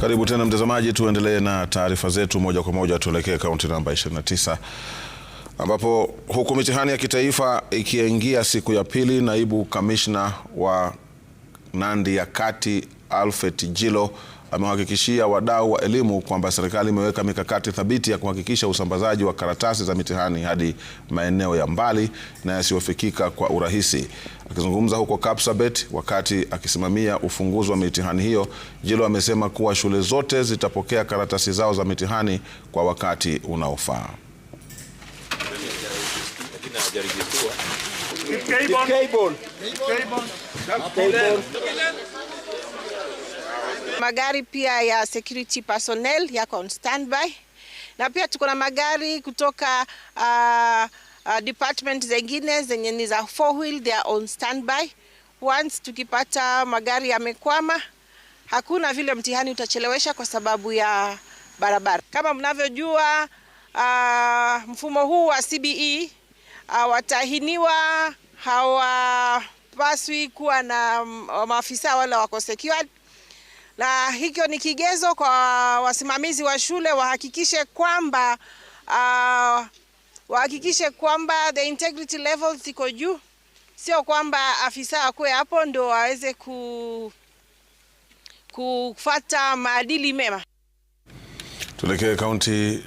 Karibu tena mtazamaji, tuendelee na taarifa zetu moja kwa moja. Tuelekee kaunti namba 29 ambapo huku mitihani ya kitaifa ikiingia siku ya pili, naibu kamishna wa Nandi ya Kati Alfred Jilo amewahakikishia wadau wa elimu kwamba serikali imeweka mikakati thabiti ya kuhakikisha usambazaji wa karatasi za mitihani hadi maeneo ya mbali na yasiyofikika kwa urahisi. Akizungumza huko Kapsabet wakati akisimamia ufunguzi wa mitihani hiyo, Jilo amesema kuwa shule zote zitapokea karatasi zao za mitihani kwa wakati unaofaa. Magari pia ya security personnel yako on standby, na pia tuko na magari kutoka uh, uh, department zengine zenye ni za four wheel, they are on standby. Once tukipata magari yamekwama, hakuna vile mtihani utachelewesha kwa sababu ya barabara. Kama mnavyojua, uh, mfumo huu wa CBE uh, watahiniwa hawa paswi kuwa na um, maafisa wale wako security na hicho ni kigezo kwa wasimamizi wa shule wahakikishe kwamba uh, wahakikishe kwamba the integrity level ziko juu, sio kwamba afisa akuwe hapo ndo aweze ku kufata maadili mema. Tuelekee kaunti